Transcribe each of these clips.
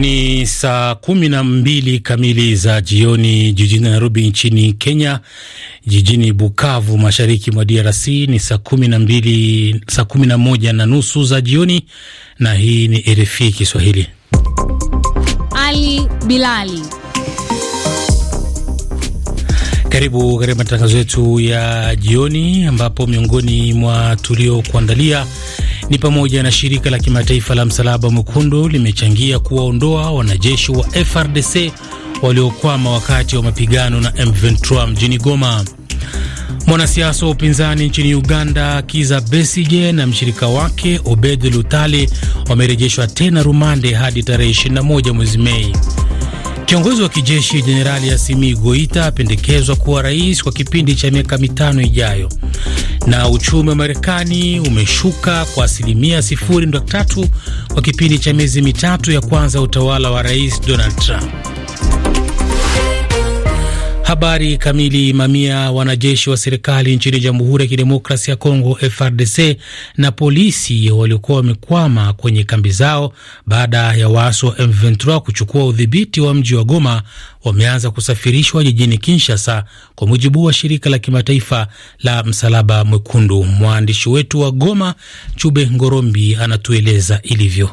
Ni saa kumi na mbili kamili za jioni jijini Nairobi nchini Kenya. Jijini Bukavu mashariki mwa DRC ni saa kumi na mbili saa kumi na moja na nusu za jioni, na hii ni RFI Kiswahili. Ali Bilali, karibu katika matangazo yetu ya jioni, ambapo miongoni mwa tuliokuandalia ni pamoja na shirika la kimataifa la Msalaba Mwekundu limechangia kuwaondoa wanajeshi wa FRDC waliokwama wakati wa mapigano na M23 mjini Goma. Mwanasiasa wa upinzani nchini Uganda Kiza Besige na mshirika wake Obed Lutale wamerejeshwa tena rumande hadi tarehe 21 mwezi Mei. Kiongozi wa kijeshi Jenerali Asimi Goita apendekezwa kuwa rais kwa kipindi cha miaka mitano ijayo na uchumi wa Marekani umeshuka kwa asilimia 0.3 kwa kipindi cha miezi mitatu ya kwanza utawala wa Rais Donald Trump. Habari kamili. Mamia wanajeshi wa serikali nchini Jamhuri ya Kidemokrasia ya Kongo, FRDC, na polisi waliokuwa wamekwama kwenye kambi zao baada ya waasi wa M23 kuchukua udhibiti wa mji wa Goma wameanza kusafirishwa jijini Kinshasa, kwa mujibu wa shirika la kimataifa la Msalaba Mwekundu. Mwandishi wetu wa Goma, Chube Ngorombi, anatueleza ilivyo.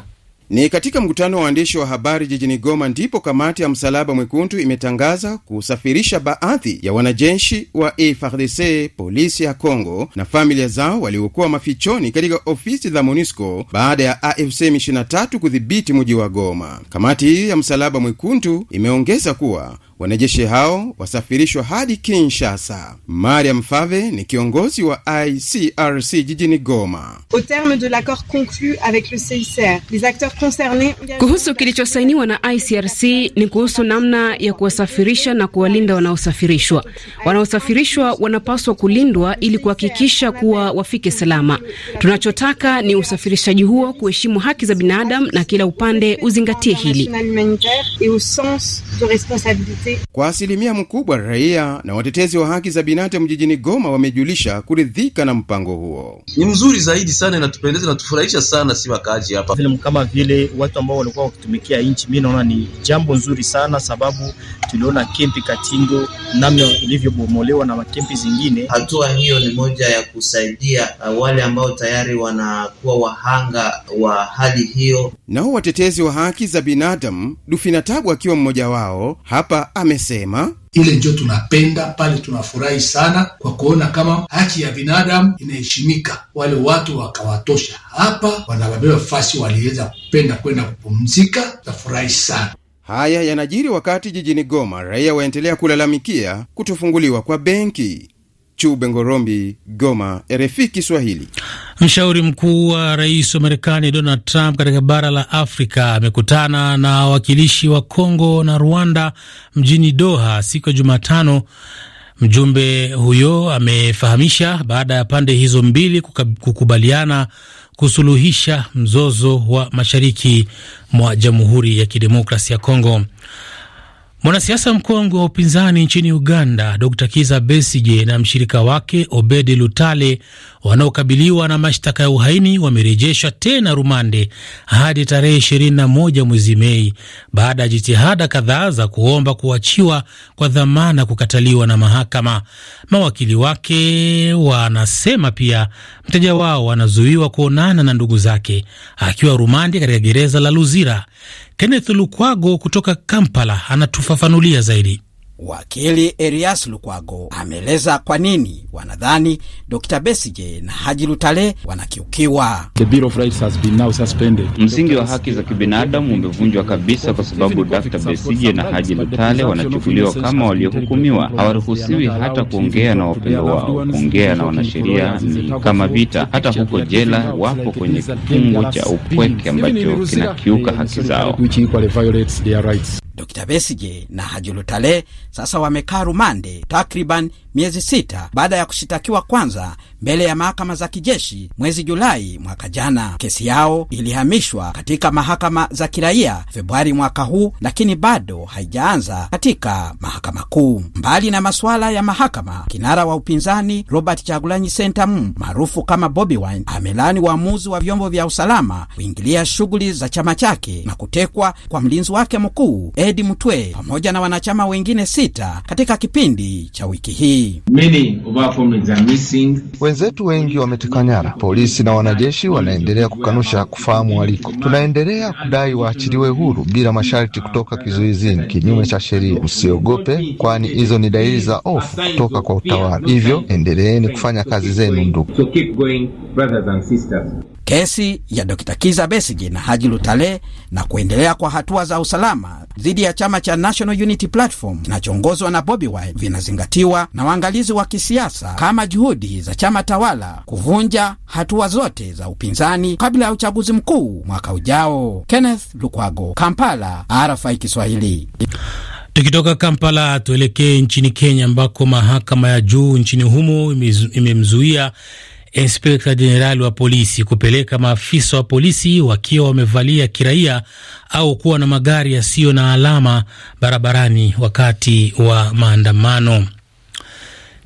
Ni katika mkutano wa waandishi wa habari jijini Goma ndipo kamati ya Msalaba Mwekundu imetangaza kusafirisha baadhi ya wanajeshi wa FARDC, polisi ya Congo na familia zao waliokuwa mafichoni katika ofisi za MONUSCO baada ya AFC M23 kudhibiti mji wa Goma. Kamati hii ya Msalaba Mwekundu imeongeza kuwa Wanajeshi hao wasafirishwa hadi Kinshasa. Mariam Fave ni kiongozi wa ICRC jijini Goma. Kuhusu kilichosainiwa na ICRC ni kuhusu namna ya kuwasafirisha na kuwalinda wanaosafirishwa. Wanaosafirishwa wanapaswa kulindwa ili kuhakikisha kuwa wafike salama. Tunachotaka ni usafirishaji huo kuheshimu haki za binadamu na kila upande uzingatie hili binafsi. Kwa asilimia mkubwa, raia na watetezi wa haki za binadamu jijini Goma wamejulisha kuridhika na mpango huo. Ni mzuri zaidi sana, inatupendeza, inatufurahisha sana si wakaaji hapa kama vile watu ambao walikuwa wakitumikia nchi. Mi naona ni jambo nzuri sana, sababu tuliona kempi Katingo namna ilivyobomolewa na makempi zingine. Hatua hiyo ni moja ya kusaidia uh, wale ambao tayari wanakuwa wahanga wa hali hiyo. Nao watetezi wa haki za binadamu dufinatabu akiwa mmoja wao hapa amesema ile ndio tunapenda pale, tunafurahi sana kwa kuona kama haki ya binadamu inaheshimika. Wale watu wakawatosha hapa, wanababeba fasi, waliweza kupenda kwenda kupumzika, tafurahi sana. Haya yanajiri wakati jijini Goma raia waendelea kulalamikia kutofunguliwa kwa benki. Chube Ngorombi, Goma, RFI Kiswahili. Mshauri mkuu wa rais wa Marekani Donald Trump katika bara la Afrika amekutana na wawakilishi wa Kongo na Rwanda mjini Doha siku ya Jumatano. Mjumbe huyo amefahamisha baada ya pande hizo mbili kukubaliana kusuluhisha mzozo wa mashariki mwa Jamhuri ya Kidemokrasia ya Kongo. Mwanasiasa mkongwe wa upinzani nchini Uganda, Dr Kiza Besije na mshirika wake Obede Lutale wanaokabiliwa na mashtaka ya uhaini wamerejeshwa tena rumande hadi tarehe 21 mwezi Mei baada ya jitihada kadhaa za kuomba kuachiwa kwa dhamana kukataliwa na mahakama. Mawakili wake wanasema pia mteja wao anazuiwa kuonana na ndugu zake akiwa rumande katika gereza la Luzira. Kenneth Lukwago kutoka Kampala anatufafanulia zaidi. Wakili Erias Lukwago ameeleza kwa nini wanadhani Dr Besije na Haji Lutale wanakiukiwa. Msingi wa haki za kibinadamu umevunjwa kabisa, kwa sababu Dr Besije na Haji Lutale wanachukuliwa kama waliohukumiwa. Hawaruhusiwi hata kuongea na wapendo wao. Kuongea na wanasheria ni kama vita. Hata huko jela wapo kwenye kifungo cha upweke ambacho kinakiuka haki zao. Dr Besige na Hajulutale sasa wamekaa rumande takriban miezi sita baada ya kushitakiwa kwanza mbele ya mahakama za kijeshi mwezi Julai mwaka jana. Kesi yao ilihamishwa katika mahakama za kiraia Februari mwaka huu, lakini bado haijaanza katika mahakama kuu. Mbali na masuala ya mahakama, kinara wa upinzani Robert Chagulanyi Sentamu maarufu kama Bobi Wine amelani uamuzi wa vyombo vya usalama kuingilia shughuli za chama chake na kutekwa kwa mlinzi wake mkuu Edi Mtwe pamoja na wanachama wengine sita katika kipindi cha wiki hii hii. Wenzetu wengi wameteka nyara, polisi na wanajeshi wanaendelea kukanusha kufahamu waliko. Tunaendelea kudai waachiliwe huru bila masharti kutoka kizuizini kinyume cha sheria. Usiogope, kwani hizo ni dalili za ofu kutoka kwa utawala. Hivyo endeleeni kufanya kazi zenu, ndugu. Kesi ya Dr. Kiza besigi na Haji Lutale na kuendelea kwa hatua za usalama dhidi ya chama cha National Unity Platform kinachoongozwa na Bobi Wine vinazingatiwa na waangalizi wa kisiasa kama juhudi za chama tawala kuvunja hatua zote za upinzani kabla ya uchaguzi mkuu mwaka ujao. Kenneth Lukwago, Kampala, RFI Kiswahili. Tukitoka Kampala tuelekee nchini Kenya ambako mahakama ya juu nchini humo imemzuia ime inspekta jenerali wa polisi kupeleka maafisa wa polisi wakiwa wamevalia kiraia au kuwa na magari yasiyo na alama barabarani wakati wa maandamano.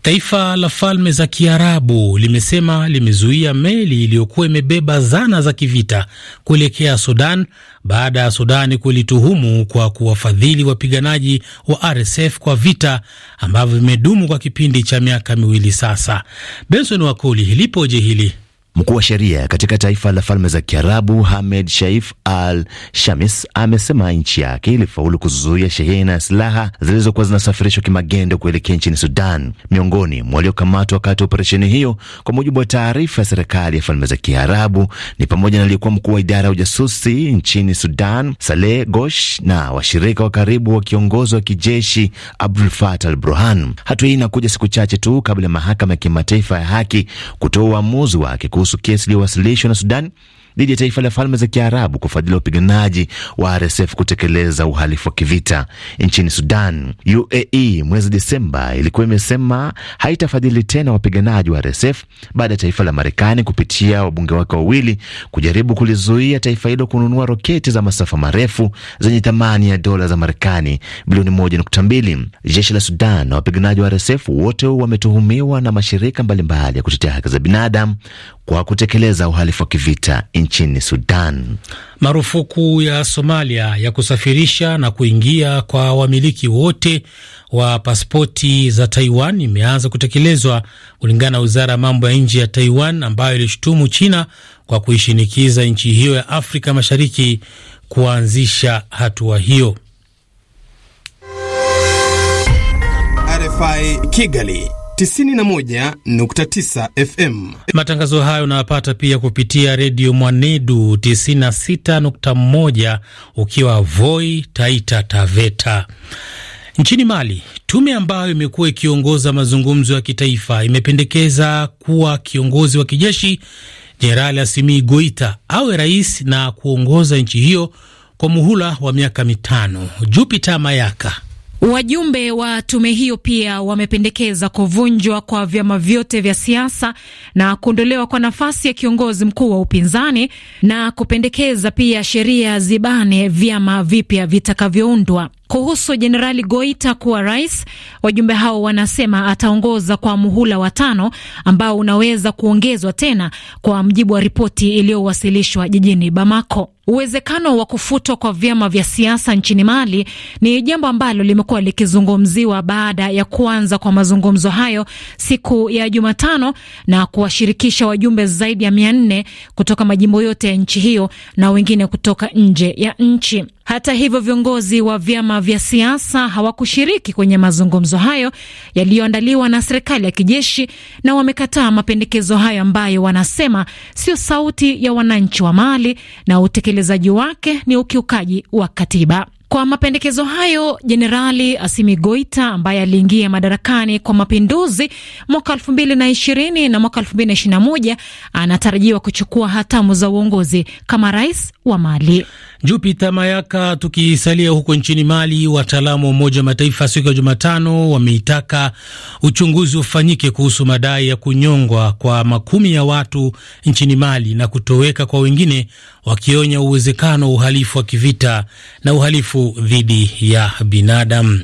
Taifa la Falme za Kiarabu limesema limezuia meli iliyokuwa imebeba zana za kivita kuelekea Sudan baada ya Sudani kulituhumu kwa kuwafadhili wapiganaji wa RSF kwa vita ambavyo vimedumu kwa kipindi cha miaka miwili sasa. Benson Wakoli, lipoje hili? Mkuu wa sheria katika taifa la Falme za Kiarabu Hamed Shaif Al Shamis amesema nchi yake ilifaulu kuzuia shehena ya silaha zilizokuwa zinasafirishwa kimagendo kuelekea nchini Sudan. Miongoni mwa waliokamatwa wakati wa operesheni hiyo, kwa mujibu wa taarifa ya serikali ya Falme za Kiarabu, ni pamoja na aliyekuwa mkuu wa idara ya ujasusi nchini Sudan Saleh Gosh na washirika wa karibu wa kiongozi wa kijeshi Abdul Fatah Al Burhan. Hatua hii inakuja siku chache tu kabla ya mahakama ya kimataifa ya haki kutoa uamuzi wake kuhusu kuhusu kesi iliyowasilishwa na Sudan dhidi ya taifa la Falme za Kiarabu kufadhili wapiganaji wa RSF kutekeleza uhalifu wa kivita nchini Sudan. UAE mwezi Desemba ilikuwa imesema haitafadhili tena wapiganaji wa RSF baada ya taifa la Marekani kupitia wabunge wake wawili kujaribu kulizuia taifa hilo kununua roketi za masafa marefu zenye thamani ya dola za Marekani bilioni 1.2. Jeshi la Sudan na wapiganaji wa RSF wote wametuhumiwa na mashirika mbalimbali ya kutetea haki za binadamu kwa kutekeleza uhalifu wa kivita nchini Sudan. Marufuku ya Somalia ya kusafirisha na kuingia kwa wamiliki wote wa pasipoti za Taiwan imeanza kutekelezwa kulingana na wizara ya mambo ya nje ya Taiwan ambayo ilishutumu China kwa kuishinikiza nchi hiyo ya Afrika Mashariki kuanzisha hatua hiyo. RFI Kigali 91.9 FM. Matangazo hayo unayapata pia kupitia redio Mwanedu 96.1 ukiwa Voi, Taita Taveta. Nchini Mali, tume ambayo imekuwa ikiongoza mazungumzo ya kitaifa imependekeza kuwa kiongozi wa kijeshi Jenerali Asimi Goita awe rais na kuongoza nchi hiyo kwa muhula wa miaka mitano. Jupiter Mayaka Wajumbe wa tume hiyo pia wamependekeza kuvunjwa kwa vyama vyote vya siasa na kuondolewa kwa nafasi ya kiongozi mkuu wa upinzani na kupendekeza pia sheria zibane vyama vipya vitakavyoundwa. Kuhusu Jenerali Goita kuwa rais, wajumbe hao wanasema ataongoza kwa muhula wa tano ambao unaweza kuongezwa tena, kwa mjibu wa ripoti iliyowasilishwa jijini Bamako. Uwezekano wa kufutwa kwa vyama vya siasa nchini Mali ni jambo ambalo limekuwa likizungumziwa baada ya kuanza kwa mazungumzo hayo siku ya Jumatano na kuwashirikisha wajumbe zaidi ya mia nne kutoka majimbo yote ya nchi hiyo na wengine kutoka nje ya nchi. Hata hivyo, viongozi wa vyama vya siasa hawakushiriki kwenye mazungumzo hayo yaliyoandaliwa na serikali ya kijeshi na wamekataa mapendekezo hayo ambayo wanasema sio sauti ya wananchi wa Mali na utekelezaji wake ni ukiukaji wa katiba. Kwa mapendekezo hayo, Jenerali Asimi Goita ambaye aliingia madarakani kwa mapinduzi mwaka elfu mbili na ishirini na mwaka elfu mbili na ishirini na moja anatarajiwa kuchukua hatamu za uongozi kama rais wa Mali jupita Mayaka. Tukisalia huko nchini Mali, wataalamu wa Umoja wa Mataifa siku ya Jumatano wameitaka uchunguzi ufanyike kuhusu madai ya kunyongwa kwa makumi ya watu nchini Mali na kutoweka kwa wengine, wakionya uwezekano wa uhalifu wa kivita na uhalifu dhidi ya binadamu.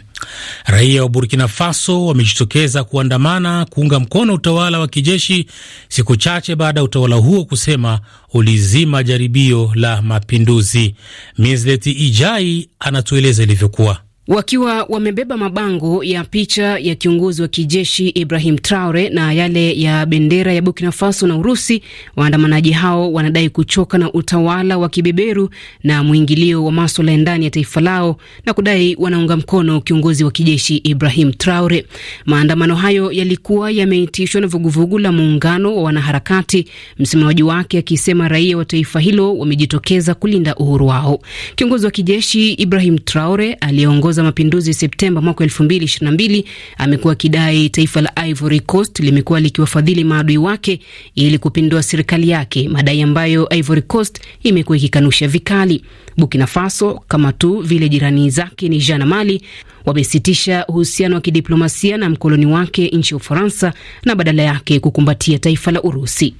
Raia wa Burkina Faso wamejitokeza kuandamana kuunga mkono utawala wa kijeshi siku chache baada ya utawala huo kusema ulizima jaribio la mapinduzi. mislet Ijai anatueleza ilivyokuwa wakiwa wamebeba mabango ya picha ya kiongozi wa kijeshi Ibrahim Traore na yale ya bendera ya Burkina Faso na Urusi. Waandamanaji hao wanadai kuchoka na utawala wa kibeberu na mwingilio wa maswala ya ndani ya taifa lao na kudai wanaunga mkono kiongozi wa kijeshi Ibrahim Traore. Maandamano hayo yalikuwa yameitishwa na vuguvugu la muungano wa wanaharakati, msemaji wake akisema raia wa taifa hilo wamejitokeza kulinda uhuru wao. Kiongozi wa kijeshi Ibrahim Traore aliongoza za mapinduzi Septemba mwaka mbili amekuwa akidai taifa la Ivory Coast limekuwa likiwafadhili maadui wake ili kupindua serikali yake, madai ambayo Ivory Coast imekuwa ikikanusha vikali. Burkina Faso kama tu vile jirani zake ni na Mali wamesitisha uhusiano wa kidiplomasia na mkoloni wake nchi ya Ufaransa na badala yake kukumbatia taifa la Urusi.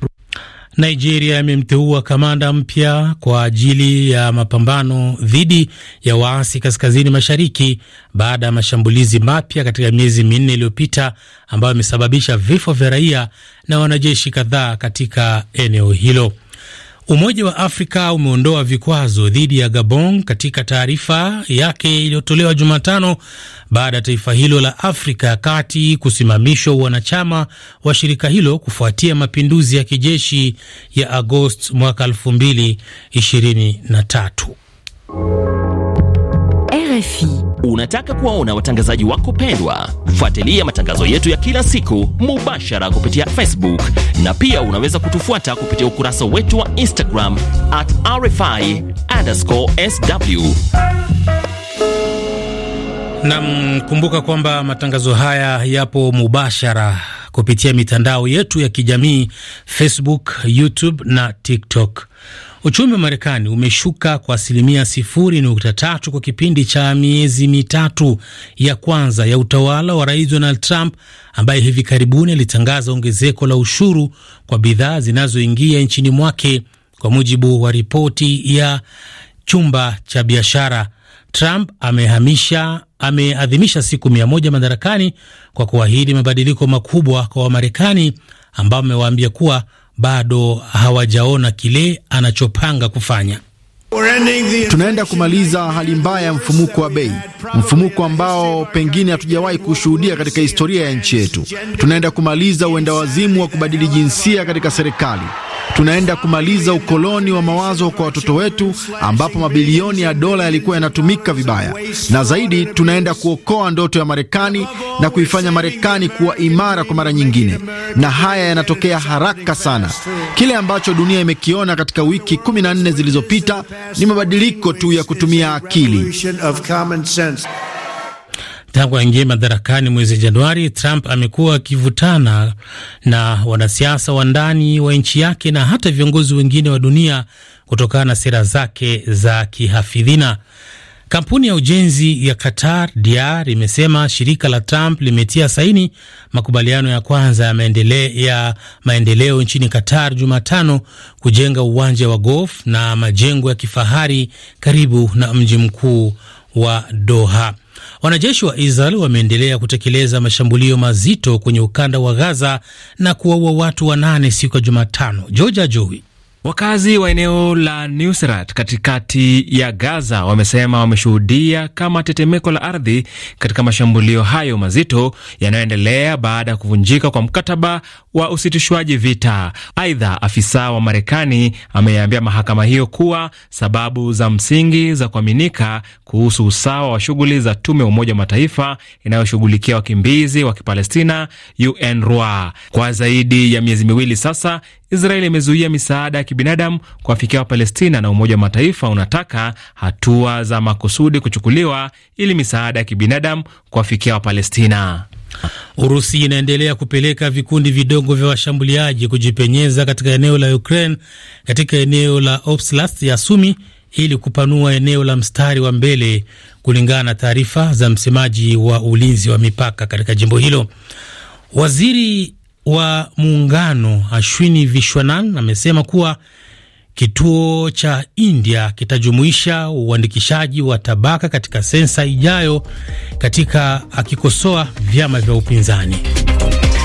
Nigeria imemteua kamanda mpya kwa ajili ya mapambano dhidi ya waasi kaskazini mashariki baada ya mashambulizi mapya katika miezi minne iliyopita ambayo imesababisha vifo vya raia na wanajeshi kadhaa katika eneo hilo. Umoja wa Afrika umeondoa vikwazo dhidi ya Gabon katika taarifa yake iliyotolewa Jumatano baada ya taifa hilo la Afrika ya Kati kusimamishwa wanachama wa shirika hilo kufuatia mapinduzi ya kijeshi ya Agosti mwaka 2023. RFI Unataka kuwaona watangazaji wako pendwa? Fuatilia matangazo yetu ya kila siku mubashara kupitia Facebook na pia unaweza kutufuata kupitia ukurasa wetu wa Instagram at RFI underscore sw. Nam, kumbuka kwamba matangazo haya yapo mubashara kupitia mitandao yetu ya kijamii Facebook, YouTube na TikTok. Uchumi wa Marekani umeshuka kwa asilimia 0.3 kwa kipindi cha miezi mitatu ya kwanza ya utawala wa Rais Donald Trump ambaye hivi karibuni alitangaza ongezeko la ushuru kwa bidhaa zinazoingia nchini mwake, kwa mujibu wa ripoti ya chumba cha biashara. Trump amehamisha ameadhimisha siku mia moja madarakani kwa kuahidi mabadiliko makubwa kwa Wamarekani ambao amewaambia kuwa bado hawajaona kile anachopanga kufanya. Tunaenda kumaliza hali mbaya ya mfumuko wa bei, mfumuko ambao pengine hatujawahi kushuhudia katika historia ya nchi yetu. Tunaenda kumaliza uendawazimu wa kubadili jinsia katika serikali tunaenda kumaliza ukoloni wa mawazo kwa watoto wetu, ambapo mabilioni ya dola yalikuwa yanatumika vibaya, na zaidi, tunaenda kuokoa ndoto ya Marekani na kuifanya Marekani kuwa imara kwa mara nyingine, na haya yanatokea haraka sana. Kile ambacho dunia imekiona katika wiki 14 zilizopita ni mabadiliko tu ya kutumia akili. Tangu aingie madarakani mwezi Januari, Trump amekuwa akivutana na wanasiasa wa ndani wa nchi yake na hata viongozi wengine wa dunia kutokana na sera zake za kihafidhina. Kampuni ya ujenzi ya Qatar DR imesema shirika la Trump limetia saini makubaliano ya kwanza ya maendeleo, ya maendeleo nchini Qatar Jumatano kujenga uwanja wa golf na majengo ya kifahari karibu na mji mkuu wa Doha. Wanajeshi wa Israel wameendelea kutekeleza mashambulio mazito kwenye ukanda wa Gaza na kuwaua watu wanane siku ya Jumatano. Georgia Jowi Wakazi wa eneo la Nusrat katikati ya Gaza wamesema wameshuhudia kama tetemeko la ardhi katika mashambulio hayo mazito yanayoendelea baada ya kuvunjika kwa mkataba wa usitishwaji vita. Aidha, afisa wa Marekani ameambia mahakama hiyo kuwa sababu za msingi za kuaminika kuhusu usawa wa shughuli za tume ya Umoja wa Mataifa inayoshughulikia wakimbizi wa Kipalestina, UNRWA, kwa zaidi ya miezi miwili sasa Israeli imezuia misaada ya kibinadamu kuwafikia Wapalestina na Umoja wa Mataifa unataka hatua za makusudi kuchukuliwa ili misaada ya kibinadamu kuwafikia Wapalestina. Urusi inaendelea kupeleka vikundi vidogo vya washambuliaji kujipenyeza katika eneo la Ukraine katika eneo la Oblast ya Sumi ili kupanua eneo la mstari wa mbele, kulingana na taarifa za msemaji wa ulinzi wa mipaka katika jimbo hilo. Waziri wa muungano Ashwini Vishwanan amesema kuwa kituo cha India kitajumuisha uandikishaji wa tabaka katika sensa ijayo katika akikosoa vyama vya upinzani.